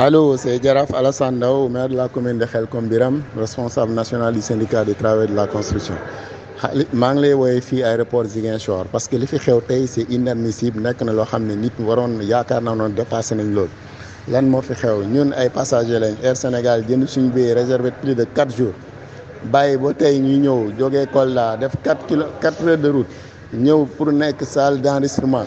Allô, c'est Jaraf Alassane maire de la commune de Khelkom Biram, responsable national du syndicat des travail de la construction. Je suis venu à l'aéroport aéroport Ziguinchor parce que li fi xew tey c'est inadmissible nekk na loo xam ne nit waroon yaakaar na noonu dépassé nañ loolu lan moo fi xew ñun ay passagers lañ Air Sénégal jënd suñu billet réservé plus de 4 jours nous avons tey ñu ñëw jógee Kolda def 4 heures de route ñëw pour nek salle d'enregistrement